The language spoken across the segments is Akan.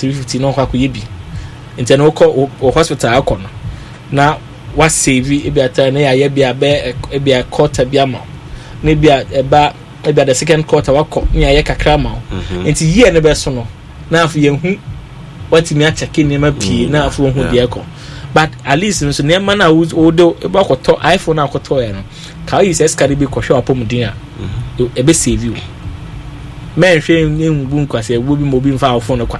three fifty na ɔkɔ akɔyɛ bi nti na ɔkɔ wɔ hospital akɔ no na waseevi ebi ata na yɛayɛ bi abɛ ebi a quarter bi ama na ebi ɛba ebi a second quarter wakɔ na yɛayɛ kakra ama mhm. nti yie ne bɛ so no na afɔ yɛn ho watumi akyɛke nneɛma pii mm, na afɔ ohun deɛ kɔ but at least nso nneɛma na wɔde ɛbɛ akɔtɔ iphone na akɔtɔ yɛ no ka oyi sɛ ɛsika de bi kɔhwɛ apɔmuden a mhm. ɛbɛ seevi o mɛnhwɛ ehu bu nkwasi ɛbu bi ma obi nfa awofo no kwa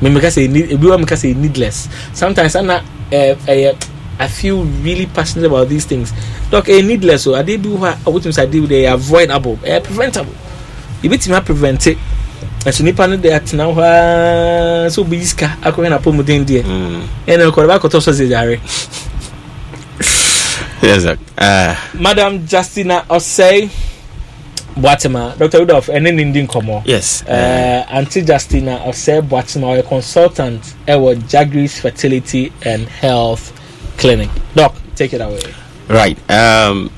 me make say need ebi make say needless sometimes ana eh eh I feel really passionate about these things. Doc, eh, needless. Oh, eh, eh, so, I did do what I would say, they are avoidable, eh, preventable. If it's not prevented, ɛso nipa no de atena hɔ aa sɛ obi sika akɔhwɛ n'apɔmuden deɛ ɛna ɔkɔrɔ ba akɔtɔ sɔ zezare. madam justina Osei. Boatima, Dr. Rudolph? and then Indian Komo. Yes. Uh, mm Auntie Justina of Sir Boatima, a consultant at Jagris Fertility and Health Clinic. Doc, take it away. Right. Um,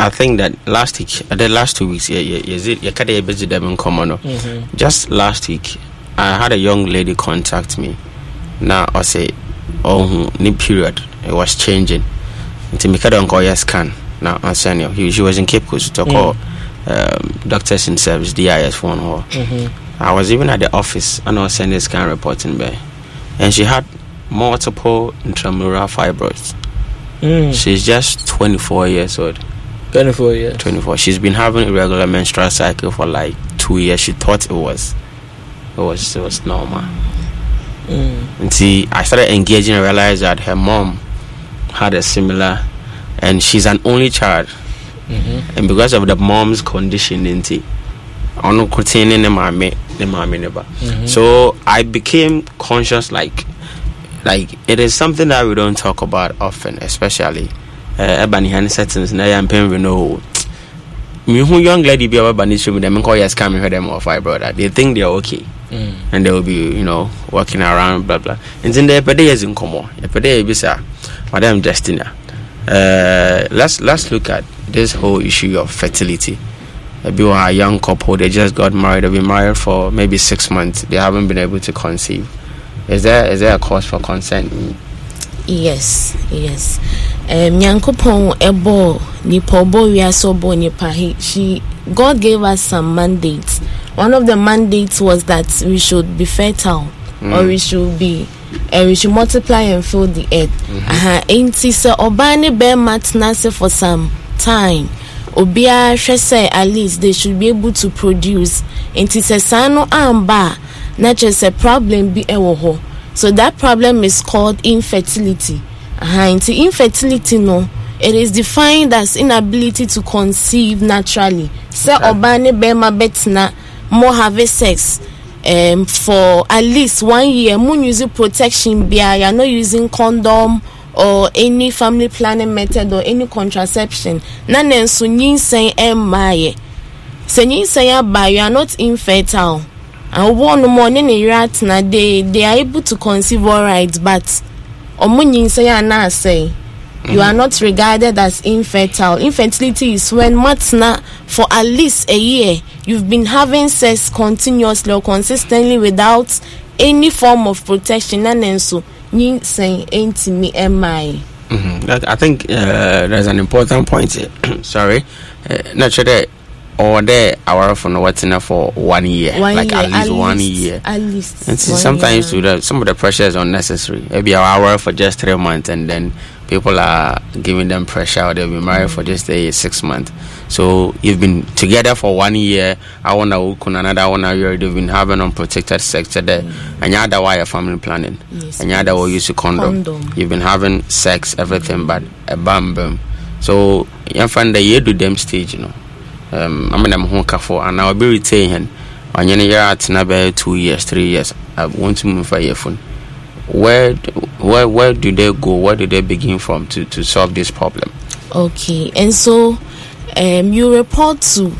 I think that last week, uh, the last two weeks, yeah, yeah, is it? Yeah, busy them mm-hmm. Just last week, I had a young lady contact me. Now I say, oh, new hmm, period. It was changing. Until me kada onko yes scan. Now I send you. She was in Cape Coast. So mm um, doctors in service DIS phone hall. Mm-hmm. I was even at the office and I was sending scan reporting there, and she had multiple intramural fibroids. Mm. She's just 24 years old. 24 years. 24. She's been having irregular menstrual cycle for like two years. She thought it was, it was, it was normal. Mm. And see, I started engaging and realized that her mom had a similar, and she's an only child hmm and because of the mom's condition nti ɔno kotin ne ne maame ne maame ne ba mm-hmm. so i became conscious like like it is something that we don't talk about often especially eh, Ebony ne hane settings na yɛ mpɛn we know who young lady be about wɔba with them, dɛm nkɔ yɛ scam hwɛ dɛm of my brother they think they are okay mm. and they will be you know walking around blah blah nti ndɛ yɛpɛ dɛ yɛdzi nkɔmmɔ yɛpɛ dɛ yɛbisa madam justina uh, let's let's look at this whole issue of fertility. Maybe when a young couple they just got married, they've been married for maybe six months, they haven't been able to conceive. Is there is there a cause for concern? Yes, yes. Um, Nyankopon ebo nipa obo wiase obo nipa she God gave us some mandates. One of the mandates was that we should be fertile mm. or we should be and we should multiply and fill the earth. Mm-hmm. Uh-huh. Ain't sɛ ɔbaa ne bɛrima for some time Obia, hwɛ sɛ at least they should be able to produce nti sɛ saa no amba a na kyerɛ sɛ problem bi ɛwɔ hɔ so that problem is called infertility nti infertility no it is defined as inability to conceive naturally sɛ ɔbaa ne bɛrima bɛtena more have sex um, for at least one year mo use protection biara you are not using condom. or any family planning method or any contraception na na nso nyinsɛn ɛmmaa yɛ sɛ nyinsɛn aba you are not infertile awoɔ no mu ɔne ne yere atena they they are able to conceive alright but ɔmo nyinsɛn anaasɛn you are mm-hmm. not regarded as infertile. Infertility is when matna for at least a year you've been having sex continuously or consistently without any form of protection na then so saying ntumi mmae. I think uh, there's an important point. Eh, sorry, uh, not sure that or there our for no waiting for one year, one like year, at least at one least, year. At least. And see, sometimes year. To the, some of the pressure is unnecessary. Maybe our hour for just three months, and then people are giving them pressure or they've been married for just a six months so you've been together for one year i want to work on another one year they've been having unprotected sex today mm. and you that why you're family planning yes, and you that will use a condom. condom you've been having sex everything but a bam bam so you find the year do them stage you know um i mean i'm hunker for and i'll be retaining and you know you're at two years three years i want to move for your phone where where where do they go? Where do they begin from to to solve this problem? Okay, and so um, you report to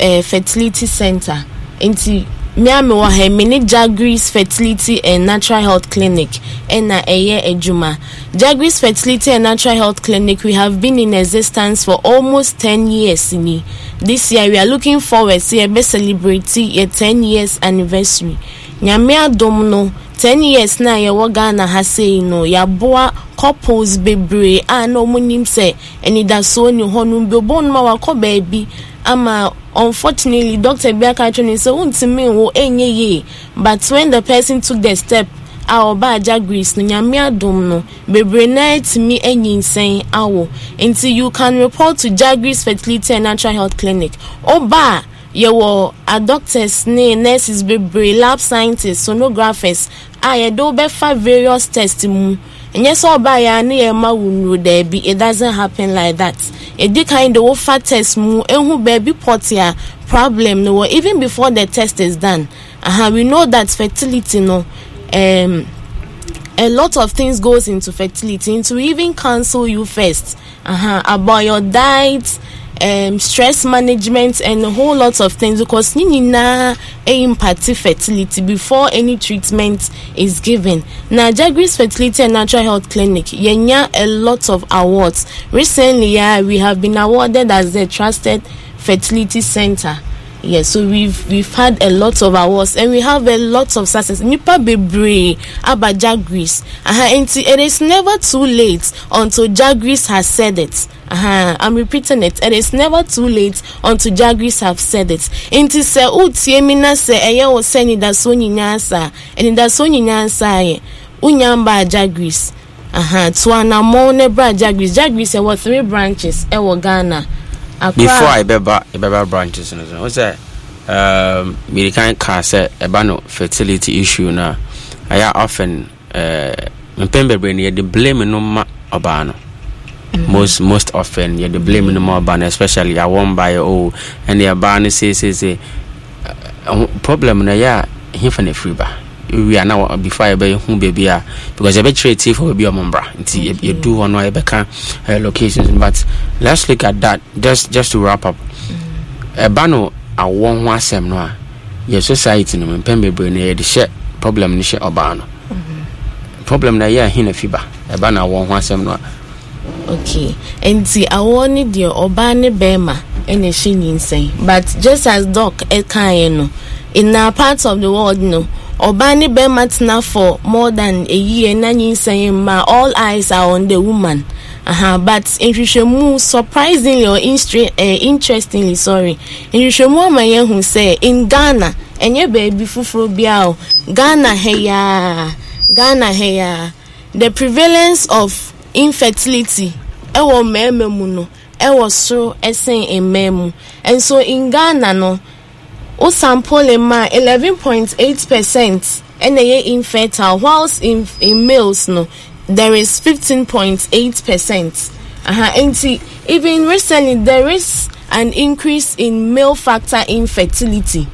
uh, fertility center. Into me a mewɔ ha mene jagris fertility and natural health clinic ɛna ɛyɛ adwuma jagris fertility and natural health clinic we have been in existence for almost ten years ni this year we are looking forward to yɛbɛ celebrate yɛ ten years anniversary nyame adom no ten years na yɛwɔ ghana ha sei no yɛaboa couples bebree a na wɔn nim sɛ anidasoɔ ni hɔ no bi obo no wakɔ baabi ama unfortunately doctor bi aka atwere ne sɛ wontumi nwo ɛnyɛ yie but when the person took the step a ɔba agya greece no nyame adom no bebree naa tumi anyinsɛn awo nti you can report to jagreece fertility and natural health clinic ɔba a yɛwɔ adoctors ne nurses bebree lab scientists sonographers a yɛde wobɛfa various test mu ɛnyɛ sɛ ɔbaa yɛ a ne yɛ ma wo nuru daabi it doesn't happen like that ɛdi kan de wofa test mu ehu baabi pɔte a problem no wɔ even before the test is done aha uh -huh, we know that fertility no um, a lot of things goes into fertility into even counsel you first uh -huh, about your diet um, stress management and a whole lot of things because ní nyinaa e impact fertility before any treatment is given na jagris fertility and natural health clinic yẹnya a lot of awards recently yeah, we have been awarded as the trusted fertility center yes so we've we've had a lot of awards and we have a lot of success nipa bebree aba jagris uh -huh, and it is never too late until jagris has said it uh-huh. i'm repeating it it is never too late until jagris have said it nti se wotie mi se sɛ ɛyɛ wɔ ni anidasoɔ nyinaa saa anidasoɔ nyinaa saa yɛ wonya mbaa jagris uh-huh. to anammɔn ne bra jagris jagris ɛwɔ three branches ɛwɔ e ghana Accra. before i beba, I beba branches What's that? wosɛ um, mirikan kaa sɛ ɛba no fertility issue no a ɛyɛ often uh, mpɛn bebree no yɛde blame no ma ɔbaa no most most often yɛde yeah, blame no ma ɔba no especially awɔ mbaeɛ o ɛne ɛbaa no seeseese problem no ɛyɛ a hefa no afiri ba wia na uh, before yɛbɛhu baabi a because yɛbɛkyerɛ tie fo baabi ɔmo um, mbra nti yɛdu hɔ no a yɛbɛka uh, locations but let's look at that just just to wrap up ɛba mm. oh, no awɔ ho asɛm no a yɛ society no mpɛn bebree no yɛde hyɛ problem no hyɛ ɔbaa no problem no ɛyɛ a he na afi ba ɛba no awɔ ah. ho asɛm no a okay nti awoɔ ne deɛ ɔbaa ne bɛrima ɛna ɛhyɛ ne nsɛn but just as doc ɛkaeɛ no in our part of the world no ɔbaa ne bɛrima tena for more than a year na nyinsɛn mma all eyes are on the woman aha uh -huh, but nhwehwɛmu surprisingly or instre, uh, interestingly sorry nhwehwɛmu ama yɛn ho sɛ in ghana ɛnyɛ baabi foforɔ biara o ghana hɛyaa ghana hɛyaa the prevalence of infertility ɛwɔ mmarima mu no ɛwɔ soro ɛsɛn mmaa mu nso in ghana no o sampole ma eleven point eight percent ɛna ɛyɛ infertile whilst in in males no there is fifteen point eight percent aha nti even recently there is an increase in male factor infertility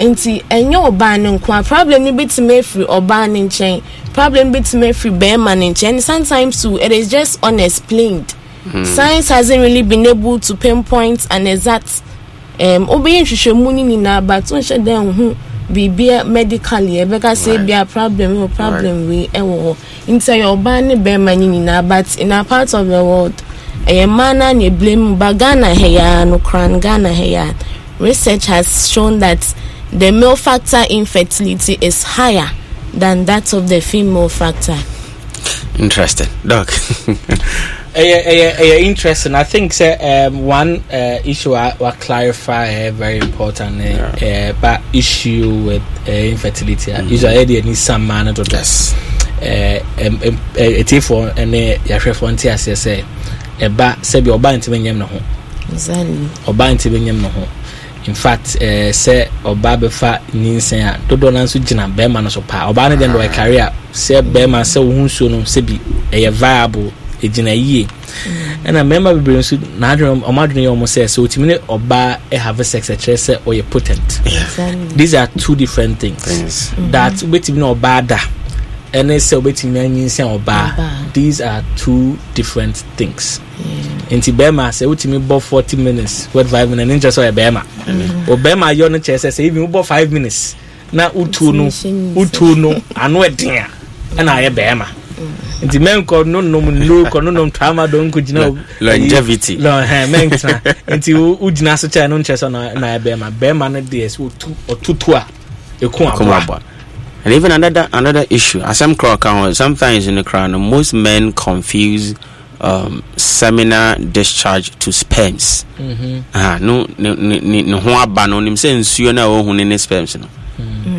nti ɛnyɛ ɔbaa ne nko a problem no bi tumi efiri ɔbaa ne nkyɛn problem bi tumi efiri bɛrima ne nkyɛn sometimes too it is just unexplained mm. science hasn't really been able to pinpoint an exact um, obɛyɛ nhwehwɛmu ne nyinaa but nhyɛ dɛ nhu biribia medically ɛbɛka sɛ a problem wɔ problem wei ɛwɔ hɔ nti ɛyɛ ɔbaa ne bɛrima ne nyinaa but in a part of the world ɛyɛ mmaa na ne blame but ghana hɛyaa no koran ghana hɛyaa research has shown that the male factor infertility is higher than that of the female factor. Interesting, Doc. yeah. Eh, eh, eh, interesting i think sɛ um, one uh, issue I will clarify uh, very important uh, yeah. uh, but issue with uh, infertility mm. issue need some man to and yes ɛtifoɔ ɛne yɛhwɛfoɔ nte aseɛ sɛ ɛba sɛbi ɔba ntumi nyɛm ne ho ɔba ntumi nyɛm ne ho in fact eh, sɛ ɔbaa bɛfa ninsɛn a dodoɔ no nso gyina bɛrima no so paa ɔbaa no deɛ no ɛkare ah. a sɛ bɛrima sɛ wo ho nsuo no sɛ bi ɛyɛ viable ɛgyina yie mm. ɛna mmarima bebree nso n'adwene ɔmo adwene yɛ ɔmo sɛ sɛ otumi ne ɔbaa ɛhave sex ɛkyerɛ sɛ ɔyɛ potent these are two different things that mm. wobɛtumi ne ɔbaa da ɛne sɛ wobɛtumi anyinsɛn ɔbaa these are two different things nti bɛrima sɛ wotumi bɔ 40 minutes wet five minutes ne nkyɛ sɛ ɔyɛ bɛrima o bɛrima ayɔ no kyerɛ sɛ sɛ ebi wobɔ five minutes na utuo mm. no utuo no ano ɛden a ɛna ayɛ bɛrima nti mɛnkɔ nonom nuro kɔ nonom tramadol nko gyina longevity mɛntena nti wogyina so kyerɛ no nkyerɛ sɛ na ayɛ bɛrima bɛrima no deɛ sɛ ɔtutu a ɛko aboa And even another another issue, as some crowd on, sometimes in the crowd, most men confuse um, seminar discharge to sperms. Mm-hmm. Uh, no, no, no, no, no, no, no, no, no, no, no, no, no, no,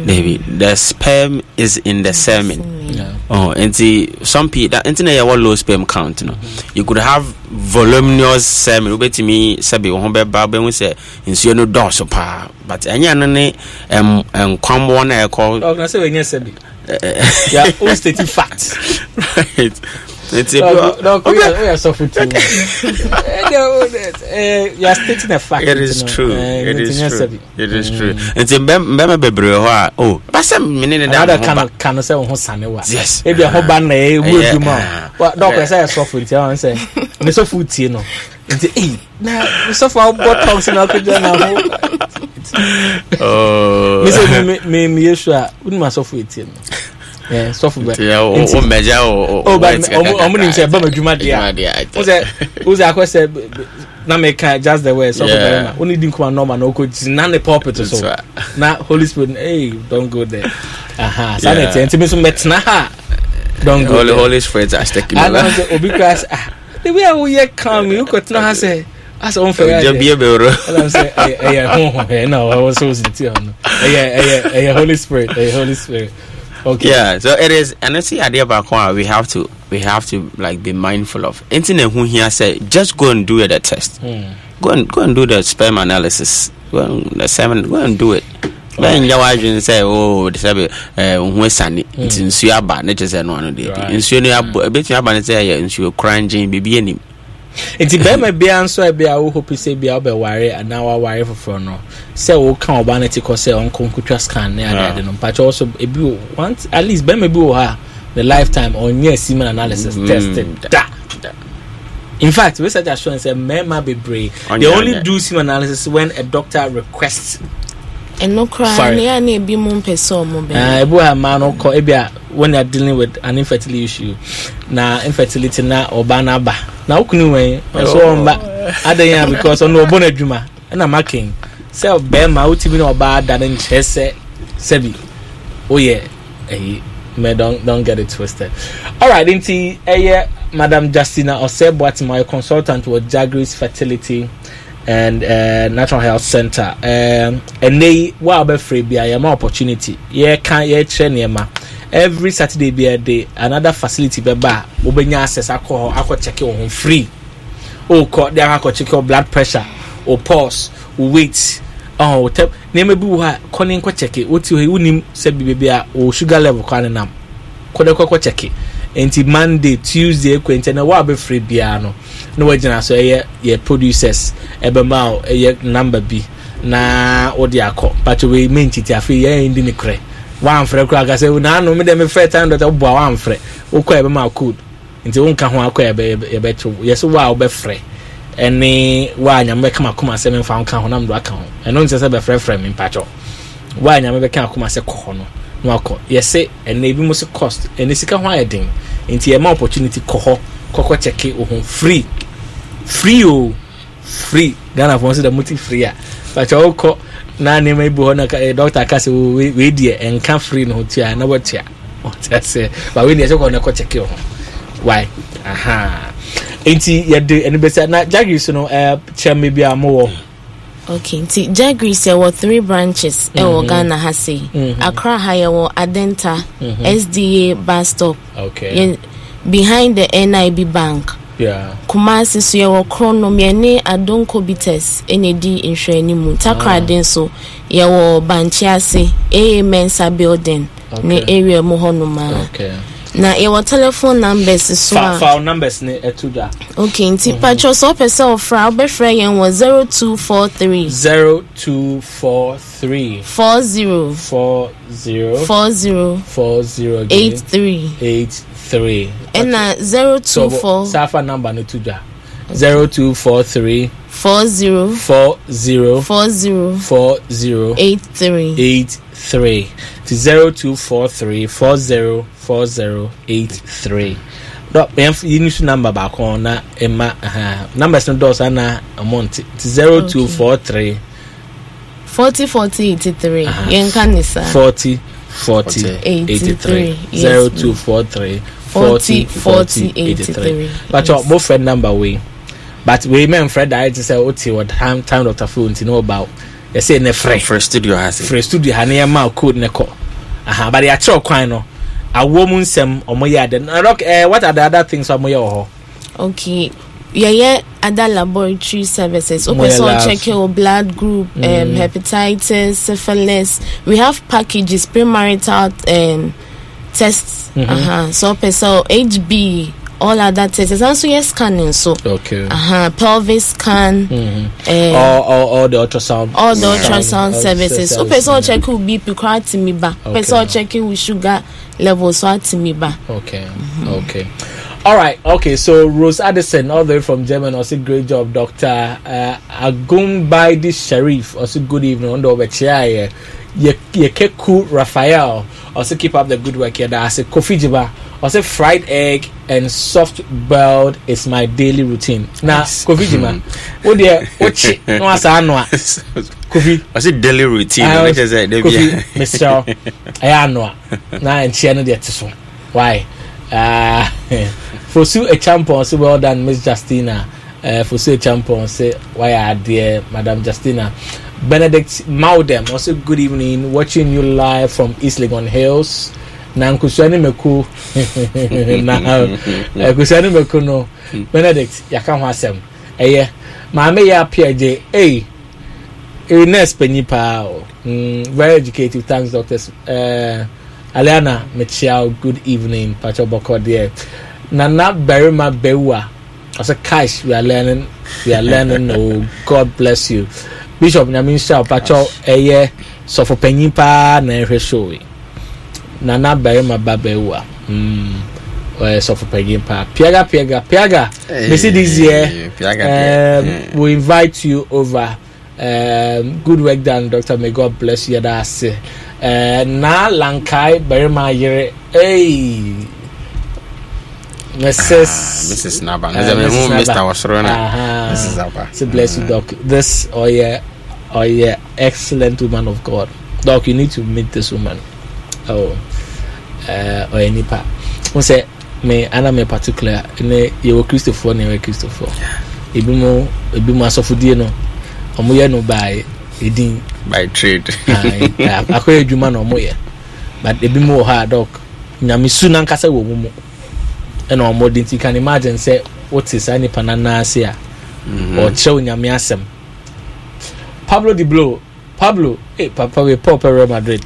David, the sperm is in the semen. Yeah. Oh, and see, some people that internet want low sperm count. You know, you could have voluminous semen. You bet me, sabi, you have baby. We say, in see, no dose pa. But any anone, um, um, come one, I call. Oh, no, say we need sabi. Eh, eh, eh. Yeah, all stating facts. Right. It's a no, no, okay. Oh, we, are, we are suffering too eh, no, uh, you are stating a fact it is you know. true uh, it is true it is mm. true nti mbɛma bebree hɔ a o basɛ mene ne da kano kano sɛ wo ho sane wa yes ebi ho ba na ɛwu adwuma a dɔkɔ sɛ yɛ sɔfo nti ɛwɔ sɛ ne sɔfo tie no nti ei na sɔfo a wobɔ tɔn sɛ na wakɔgya na ho mesɛ me me yɛ su a wonim asɔfo ɛtie no sɔfo o o o oh, white kaka ni sɛ bama juma di a ɔsɛ ɔsɛ akɔ sɛ na mɛ kan just the way sɔfo bɛ ma ɔni normal na ɔkɔ na ne pulpit na holy spirit hey don go there aha saa na nti mi nso ha don go holy spirit asitɛki mala ana obi kura sɛ ah ebi a woyɛ calm yi ɔkɔ tena ha sɛ asɛ wɔn fɛrɛ ayɛ jɛbiɛ bɛwuro ɛyɛ ɛyɛ huhu holy spirit ɛyɛ holy spirit okay yeah so it is and I see. idea about home we have to we have to like be mindful of internet who here say just go and do the test mm. go and go and do the sperm analysis go and the semen go and do it bẹ́ẹ̀ nyɛ w'adwene sɛ oo de sɛ ɛɛ ho esani nti nsuo aba ne kyerɛ sɛ ɛno ano deɛ nsuo no abo ebetumi aba ne sɛ ɛyɛ nsuo koraa ngyen beebi anim nti bɛrima bia nso a bia wo hope sɛ bia wobɛware anaa waware foforɔ no sɛ woka ɔba no ti kɔ sɛ ɔnkɔ nkotwa scan ne adeade ah. no mpakyɛ wɔ so ebi wɔ at least bɛrima bi wɔ hɔ a the lifetime ɔnyɛ semen analysis mm. Mm-hmm. tested da da in fact research has shown sɛ mmarima bebree they only do semen analysis when a doctor requests ɛno koraa ne a na ebi mu mpɛ sɛ ɔmo bɛn. Ah, when they are dealing with an infertility issue na infertility na ɔbaa na na okunu wɛn ɔso wɔn ba because ɔno ɔbɔ n'adwuma ɛna makin sɛ bɛrima otimi na ɔbaa da ne nkyɛn sɛ sɛbi oyɛ ɛyi mɛ don don get it twisted alright nti ɛyɛ madam justina ɔsɛ boatima consultant wɔ jagris fertility and uh, natural health center um, and they yi wa abɛfra bi a yɛma opportunity Yeah, can yɛka yɛkyerɛ nneɛma every saturday be a day another facility bɛba a wobɛnya access akɔ hɔ akɔ check your ho free okɔ de akɔ check your blood pressure or pulse o weight Oh, o tɛm nneɛma bi wɔ hɔ a kɔni nkɔ check o ti hɔ yi wunim sɛ bi beebi a o sugar level kɔ anenam kɔdɛ kɔkɔ check nti monday tuesday kɔ na wa abɛfiri biara no na wagyina so ɛyɛ yɛ producers ɛbɛma a ɛyɛ number bi na wɔde akɔ pàtó wei main titi afei yɛn di ne korɛ wamfrɛ koraa kasɛ naano me dɛ mefrɛ time dɔta woboa wamfrɛ wokɔ yɛbɛma code nti wonka ho akɔ yɛbɛto yɛ sɛ wo a wobɛfrɛ ɛne wo a nyame bɛka makoma sɛ memfa wo ka ho na mede waka ho ɛno nsɛ sɛ bɛfrɛfrɛ me mpakyɛ wo a nyame bɛka akoma sɛ kɔ hɔ no na wakɔ yɛsɛ ɛnna ebi mo sɛ cost ɛnna sika ho ayɛ den nti yɛ ma opportunity kɔ hɔ kɔkɔ kyɛke ohun free free o free ghana fɔ n sɛ dɛ mo ti free a pàtɛ ɔkɔ na nneɛma bi hɔ na ɛ dɔkta aka sɛ wei deɛ ɛnka free no ho tia na wɔtia ɔtia sɛ ba wei deɛ sɛ kɔ na kɔ kyɛke ho why aha nti yɛde ɛnibɛsɛ na jagiri so no ɛɛ kyɛn mi bi a mo wɔ. okay nti jagris yɛwɔ three branches ɛwɔ mm -hmm. ghana ha sei mm -hmm. ha yɛwɔ adenta mm -hmm. sda bastop okay. behind the nib bank yeah. kumasi so yɛwɔ kronom yɛne adonko bites ɛna di nhwɛani mu takrade ah. nso yɛwɔ bankye mensa building okay. ne area mu hɔ okay. na yɛwɔ telephone numbers so a fa numbers ne ɛto dwa okay nti mm -hmm. patro sɛ wopɛ sɛ ɔfra wobɛfrɛ yɛn wɔ 0243 0243 40 40 40 40 83 83 ɛna 024 safa number no to zero. Four zero. Four zero. Eight three. Eight three ti zero two four three four zero four zero eight three yɛn yi nso namba baako na ɛma numbers no dɔɔso ana ɛmɔ nti ti zero two four three. forty forty eighty three yɛn ka ne sa. forty forty eighty three zero two four three forty forty eighty three. bàtɛ mo fɛ number wei but wei mɛ n fɛ daa yɛ ti sɛ o ti wɔ time time doctor phone ti n'o about yɛsɛ ne frɛ frɛ studio ha frɛ studio ha ne yɛma code ne kɔ aha bade akyerɛ kwan no awoɔ mu nsɛm ɔmo yɛ adɛ rock eh, what are the other things ɔmo yɛ wɔ hɔ okay yɛyɛ other laboratory services wopɛ sɛ ɔkyɛke wo blood group um, mm. um, hepatitis syphilis we have packages premarital um, tests mm -hmm. uh -huh. so wopɛ sɛ hb all other tests sanso yɛ scanning so okay. uh -huh, pelvis scan mm -hmm. uh, all, all, all the ultrasound all the yeah. ultrasound yeah. services wopɛ sɛ ɔkyɛke wo be koraa atimi ba wopɛ sɛ ɔkyɛke wo sugar level so atimi ba okay. Mm -hmm. okay. All right, okay, so Rose Addison, all the way from German, also great job, Doctor Uh, Baidi Sharif, also good evening, on the over chair Yekeku Raphael also keep up the good work here. That's a coffee jiba. Also fried egg and soft boiled is my daily routine. Now nice. coffee jiba. Oh dear, ochi no asa anwa. Coffee. I say daily routine. Ah, I just say there be. Mr. Aya anwa. Na enchi no dey teso. Why? Ah, uh, Fosu a champion, so well done, Miss Justina. Uh, eh, Fosu a champion, say, why are dear Madam Justina? Benedict Maudem also good evening watching you live from East Legon Hills na nkusuani mako na eh, eh, nkusuani mako no Benedict yaka ho asɛm ɛyɛ maame yɛ apia gye ɛy ɛyɛ nurse panyin paa o mm very educative thanks doctors ɛɛ uh, eh, Aliana mekyia good evening patro bɔkɔ deɛ nana barima bɛwua ɔsɛ cash we are learning we are learning oh God bless you bishop nyamisa ọpatọ ẹyẹ sọfọpanyin paa na ẹhwẹ show yi nana barima babaiwa ẹ mm. eh, sọfọpanyin paa piaga piaga piaga eh, mesi this eh, year we invite you over um, good work done doctor may god bless you yada ase uh, na lankai barima ayere. Hey. Mrs. Ah, Mrs. Naba. Uh, ah, Mrs. Naba. Mr. Wasrona. Mrs. Naba. So bless you, Doc. This, oh yeah, oh yeah, excellent woman of God. Doc, you need to meet this woman. Oh, uh, oh, any part. Once me, ana me particular, ne yewo Christopher ne yewo Christopher. Ebi mo, ebi mo asofodie no. Omo ye no by edin. By trade. Akoye adwuma na omo ye. But ebi mo wɔ ha, Doc. Nyamesu nankasa wɔ mu mu ɛna ɔmo de nti kan imagine sɛ wote saa nipa nana ase a mhm. ɔkyerɛ onyame asɛm pablo de blow pablo eh papa we pop real madrid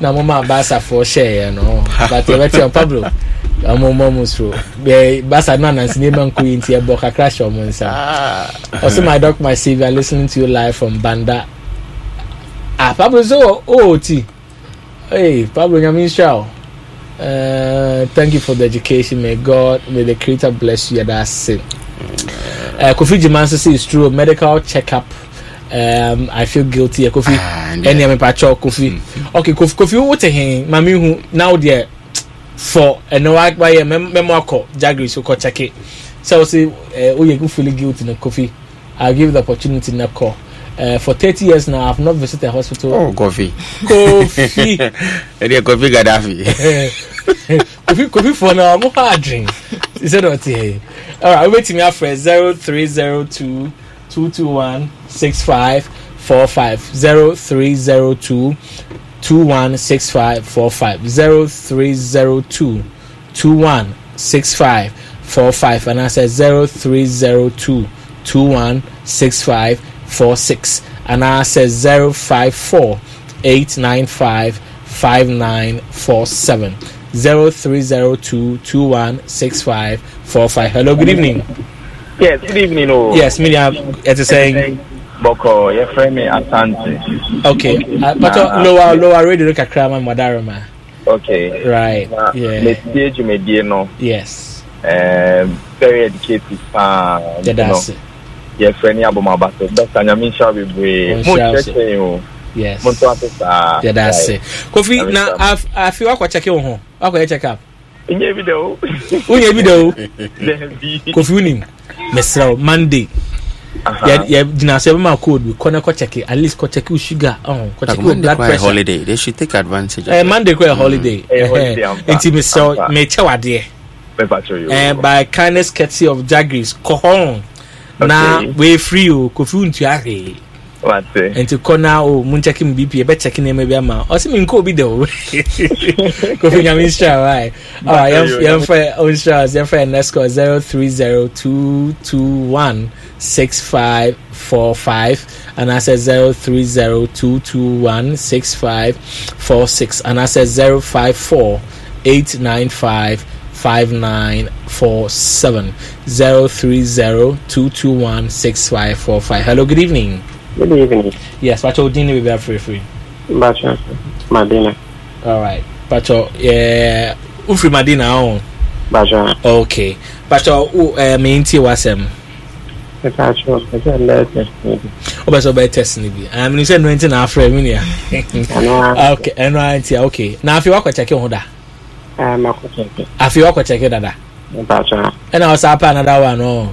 na mo ma barca fo share yɛ no but yɛbɛte ɔ pablo ɔmo mo mo so bɛɛ barca no anansi ne ma nko yi nti ɛbɔ kakra hyɛ ɔmo nsa ɔsɛ ah. my doc my saviour listening to you live from banda ah pablo so o oh, o ti ee pablo nyame nhyira o. Eh, thank you for the education. May God, may the Creator bless you. That's it. Uh, Kofi Jimansi says it's true. Medical checkup. Um, I feel guilty. Eh, Kofi, ah, any me pacho Kofi. Mm. Okay, Kofi, Kofi, what he? Mami who now there for and eh, no act by a memo ko jagri so ko check it. So say, oh yeah, you feel guilty na Kofi. I'll give you the opportunity na call. Eh, for thirty years now, I've not visited a hospital. Oh, coffee. Coffee. And yeah, coffee Gaddafi. Eh, coffee, coffee for now. I'm hard drink. Is that what you All right, wait till me for zero zero zero zero zero three three three two two two two two one one six six five five five five four four after two two one six five four five. And I said zero zero three two two one six five. Four four four six and I says zero zero zero five five five eight nine nine seven three two two one six five four five. hello good evening yes good evening Oh, yes media it is saying "Boko, your friend me asante okay uh, but patɔ lowa lowa radio look at mɔdare Madarama. okay right na, yeah metie dwumadie no yes um, very educated paa yeah, that's you know. it yɛfrɛ ne abɔmaba so dɔkta nyame nhyira bebree mokyerɛkyerɛn o monto ate saa yɛda ase kofi na afei woakɔkyɛke wo ho woakɔyɛ check up nyɛ bi da o wonyɛ bi da o kofi wonim mesrɛ wo monday gyina uh-huh. so yɛbɛma code bi kɔne kɔkyɛke at least kɔkyɛke wo sugar oh, kɔkyɛke wo blood pressure Monday holiday they should take advantage uh, monday kɔ yɛ holiday nti mesrɛ mekyɛ wadeɛ by kindness courtesy of jagris kɔ hɔ na wee firi o kofi ntua hwee nti kɔ na o mu nkyɛke mu bp ɛbɛkyɛke nneɛma bi ama ɔsi mi nkɔ obi da o kofi nyame nhyira wae a yɛmfa ɔnhyira ɔs yɛmfa yɛ next call zero three zero two two one six five four five anaasɛ zero three zero two two one six five four six anaasɛ zero five four eight nine five. 5947 030 Hello, good evening. Good evening. Yes, Pacho Dini will be free free. Pacho, Madina. All right. Pacho, yeah, Ufri Madina on. Pacho. Okay. Pacho, uh, eh, me inti wasem. Pacho, Pacho, let's ọbẹsọ ọbẹ test ni bi ẹnu sẹ ẹnu ẹ ti Okay. afrẹ mi ni ya. okay ẹnu ẹ ti ya okay na afei wakọ check in ho da afei wakɔkyɛke dada ɛna wɔ saa paa nada wa no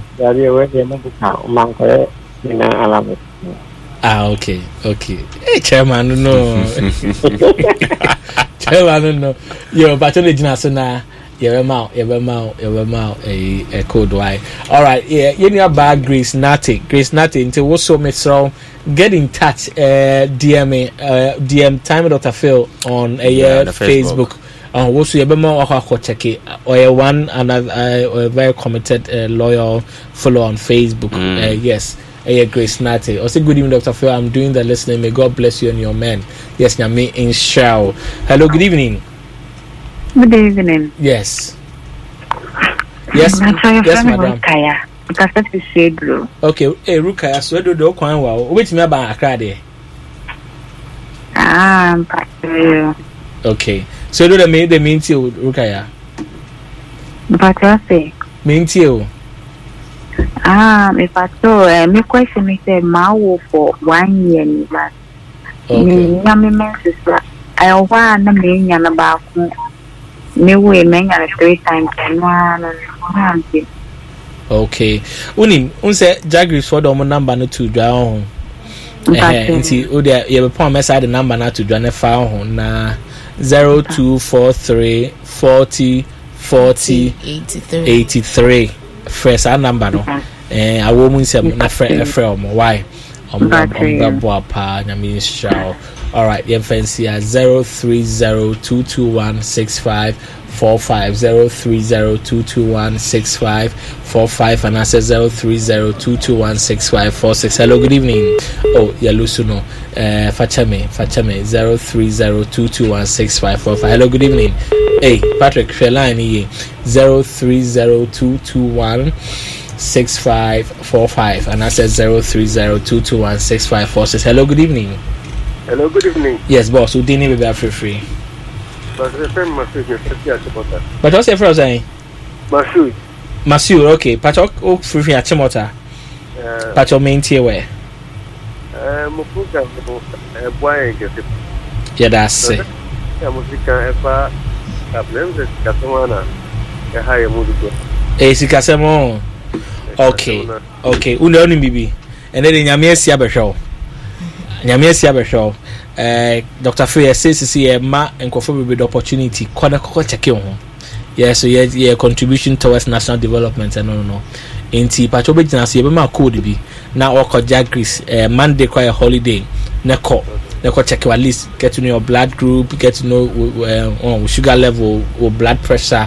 ah okay okay hey, chairman no no chairman no no yɛ ɔbatɔ no gyina so na yɛbɛma wo yɛbɛma wo yɛbɛma wo ɛyi ɛkodo ayi alright yɛ yɛn nua baa grace nate grace nate nti woso mesrɛw get in touch ɛɛ uh, dm ɛɛ uh, dm time dr phil on ɛyɛ uh, yeah, facebook. facebook. Uh, wo so yɛbɛma wakɔ akɔ kyɛke uh, ɔyɛ one another uh, very committed uh, loyal follow on facebook mm. uh, yes ɛyɛ grace nate ɔsɛ good evening dr phil i'm doing the listening may god bless you and your men yes nyame nhyira hello good evening good evening yes yes yes madam nkasa ti se duro. ok ee rukaya so edo de okwan wa o obetumi aba akra deɛ. aa ah, mpatoro. okay. okay so do the main the main tea rukaya mpatrasi main tea o oh. ah me pato eh me question me eh, say ma wo for one year ni ba ni nya me menses ba i wa na me nya na ba ku me we me nya three times eh, no na na okay unim unse jagris for the number no to dwa ho eh nti o de ye be pon me side number na to dwa ne fa ho na zero two four three forty forty eighty three fẹ saa namba no ɛɛ awo mu nsɛm na fẹ ɛfrɛ ɔmo why ɔmdaboa paa nyame nhyira wo alright yɛmfa nsi a two one six five four six. hello good evening oh Uh, zero three zero two two one six five four five. hello good evening hey patrick hwɛ line two two one six five four five and that's at zero three zero two two one six five four six. Hello, good evening. Hello, good evening. Yes, boss. Who didn't even be free free? Uh, but what's your first name? Masood. Masood, okay. Pacho, oh, free free at Chimota. Uh, Pacho, main tier where? Uh, yeah, that's it. Yeah Eh, sikasemo okay okay wúni ẹ̀ ọ́nù bìbí ẹ̀ ẹ̀ nyàmí ẹ̀ si abẹ̀hwẹ̀ o nyàmí ẹ̀ si abẹ̀hwẹ̀ o ẹ̀ dr phil ẹ̀ sẹ́ sisi ẹ̀ ma nkurɔfoɔ bebree the opportunity kọ́dà kọ́kọ́ kyẹ̀kẹ́ ho yẹ so yẹ yẹ contribution towards national development ẹ̀ eh, nínú no nti pàtó bẹ́ẹ̀ gyina so yẹ bẹ́ẹ̀ ma code bi na ọkọ̀ jagris ẹ̀ monday kọ́ yẹ holiday ne kọ́ they could check your list, get to know your blood group, get to know uh, uh, sugar level, or oh, blood pressure,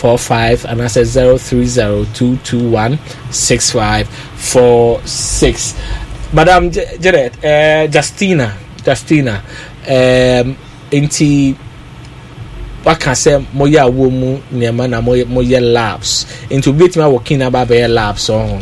Four five, and I said zero three zero two two one six five four six, Madam Janet, uh, Justina Justina um, nti waka sɛ moyɛ awo mu nneɛma na moyɛ labs nti obi etimi awɔ kin na ba bɛyɛ labs ɔho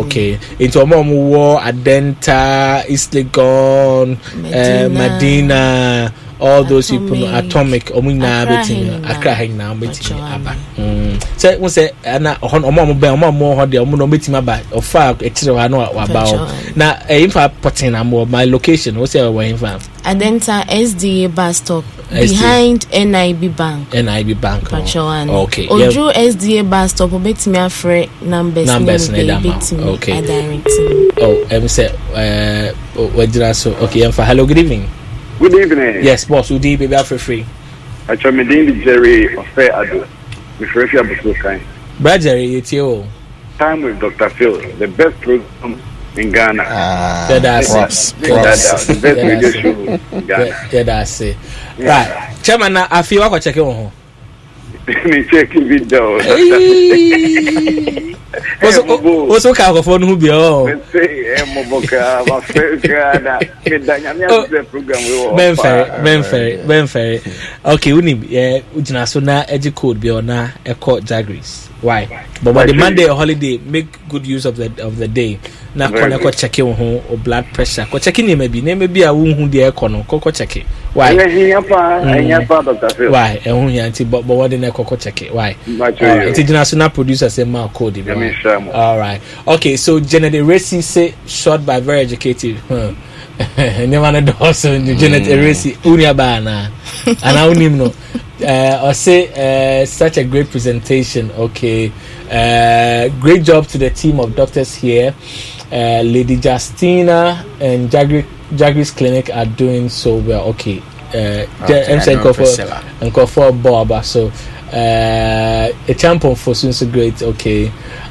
okay nti ɔmo a ɔmo wɔ adenta east legon ɛɛ eh, madina all those people no atomic ɔmo nyinaa betumi akra ha nyinaa betumi aba mm. sɛ n sɛ ɛna ɔmo a ɔmo bɛn ɔmo a ɔmo wɔ hɔ deɛ ɔmo na ɔmo betumi aba ɔfa akyire hɔ ano waba hɔ na ɛyin fa pɔtin na eh, mo my location o sɛ ɛwɔ ɛyin fa. adenta sda bus stop behind nib bank nib bank pachawan okay ojú yeah. sda bus stop obetumi afrɛ numbers numbers ne da ma okay oh ɛm sɛ ɛɛ eh, oh, wagyina so okay yɛn fa hello good evening. good evening. yes boss odi baby afrɛfrɛ. atwa mi din di jerry ɔfɛ ado mefrɛ fi abosokan. bra jerry yɛ tie o. time with dr phil the best program in Ghana. Ah, props. Props. Dedase. Right. Chairman, I feel I go check it on. Me check it with ka woso kaakɔfoɔ no ho biamɛmfɛre ok wonim gyina so na agye code bia ɔna ɛkɔ jagris why but by the monday or holiday make good use of the of the day na kɔ na ɛkɔ kyɛke wo o blood pressure kɔ bi bi a deɛ ɛkɔ no check in. why mm. why ɛho hia nti bɔwɔ de no ɛkɔkɔ kyɛke why nti gyina so na producer sɛ ma code bi alright okay so janet eresi se short by very educative hmm. nneɛma no dɔɔso janet eresi wonuabaa anaa anaa wonim no ɔse uh, uh, such a great presentation okay uh, great job to the team of doctors here uh, lady justina and jagri Jagris Clinic are doing so well. Okay, uh, okay sɛ nkɔfoɔ nkɔfoɔ bɔ aba so ɛkyɛn uh, pɔnfo so great okay.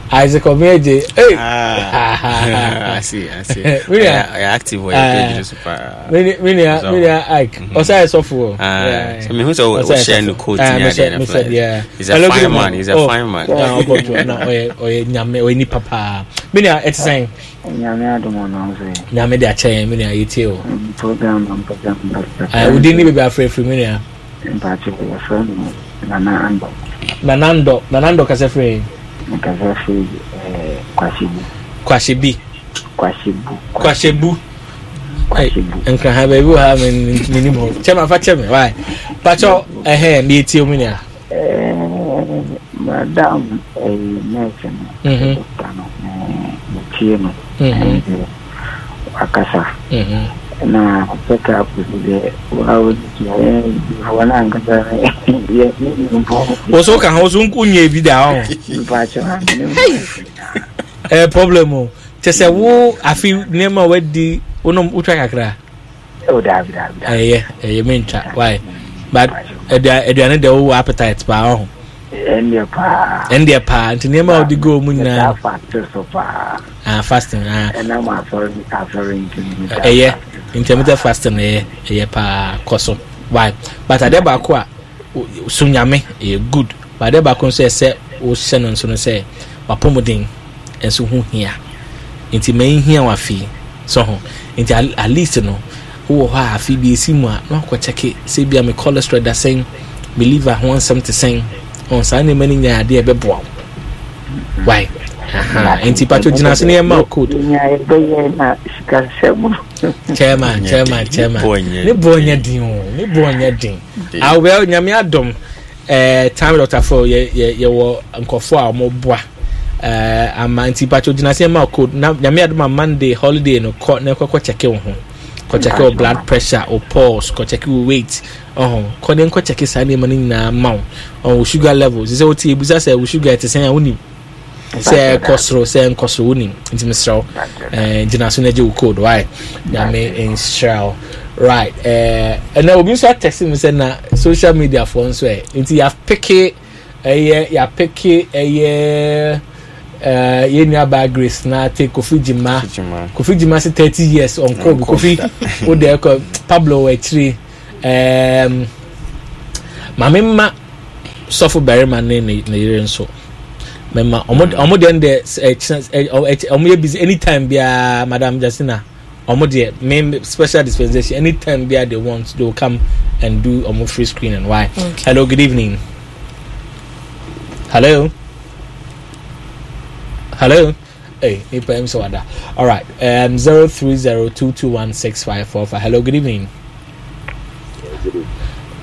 Isaac Omeje. Hey. Ah, I see, I see. Minia, I active We are do super. Minia, Minia, Minia, Ike. Mm-hmm. Osa is off for. Ah, so me who's always sharing the quote near the end of life. He's a fine man. He's a oh. fine man. oh, no, oh, no, oh, no, oh, no, oh, no, oh, no, oh, no, oh, no, nyame de akyɛ yɛn menea yɛtie o wodin ne bebe afrɛfiri menea nanandɔ nanandɔ kasɛ frɛ kwahyebi kwahyebu nkraha baabi wɔ ha menim hɔ kyɛ mafa kyɛ me wae pakyɛ ɛhɛ ne yɛtie mu nea eh, madam eh, nɛs no mhm. eh, tie no Mhm. akasa mhm. na kutoka hapo vile wao wana angaza waso ka ho so nkunye bi da ho mpacho eh problem o te se mm. wo afi nema wadi wonom utwa kakra o da bi da bi eh eh mentwa why mm. but aduane eh, eh, da wo appetite pa ho oh ɛndeɛ paa ɛndeɛ paa nti nneɛma a wɔde go mu nyinaa ɛda faste so paa ah fasting ah ɛnam asɔre asɔre ntɛmɛtɛ ɛyɛ ntɛmɛtɛ fasting ɛyɛ ɛyɛ paa kɔ so why but adeɛ baako a so nyame ɛyɛ eh, good but adeɛ baako nso ɛsɛ wɔhyɛ no nso no sɛ wapɔmuden ɛnso ho hia nti mɛn hia wafii, so ho nti at least no wowɔ hɔ a afei bi mu a na wakɔ kyɛke sɛ bi a me cholesterol da sɛn me liver ho nsɛm te sɛn on oh, saa nneɛma no nyinaa adeɛ ɛbɛboa wo wae nti patro gyina so ne yɛma wo code chairman chairman chairman nyɛ den o ne bɔɔ nyɛ den awobɛ nyame adom eh, time doctor yɛwɔ nkɔfoɔ a wɔboa eh, ama nti patro gyina yɛma code na nyame adom a monday holiday no kɔ na ɛkɔkɔ kyɛke wo ho kɔkyɛke wo blood pressure wo pulse kɔkyɛke wo weight ɔhɔ kɔden nkɔ kyɛke saa nneɛma no nyinaa ma wo ɔwɔ sugar levels sɛ wotie ebusa sɛ wo sugar ɛte sɛn a wonim sɛ ɛkɔ soro sɛ nkɔ soro wonim nti mesrɛ wo ɛɛ gyina so na gye wo code wae nyame nhyira wo right ɛɛ ɛnna obi nso atɛsi mi sɛ na social media foɔ nso ɛ nti yɛapeke ɛyɛ yɛapeke ɛyɛ yẹn nua baa grace na te kofi jima kofi jima si thirty years ɔnkɔ bi kofi o de ɛkɔ pablo wɔ akyire um, maame mma sɔfo barima ne ne yere nso mɛma ɔmo deɛ no deɛ eh, eh, eh, ɔmo yɛ busy anytime biara madam jasina ɔmo deɛ main special dispensation anytime biara they want they will come and do ɔmo free screen and why okay. hello good evening hello hello hey nipa ɛm sɛ wada all right zero three zero two two one six five four five hello good evening.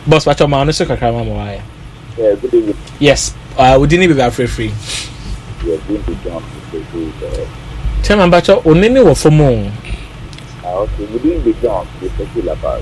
Boss Pacho ma onusu kakra ma mo waye. Yeah, good evening. Yes, uh, we didn't be afraid free. Yeah, good evening. Chairman Pacho, onene wo fomo. Ah, okay, we didn't be down, we take about.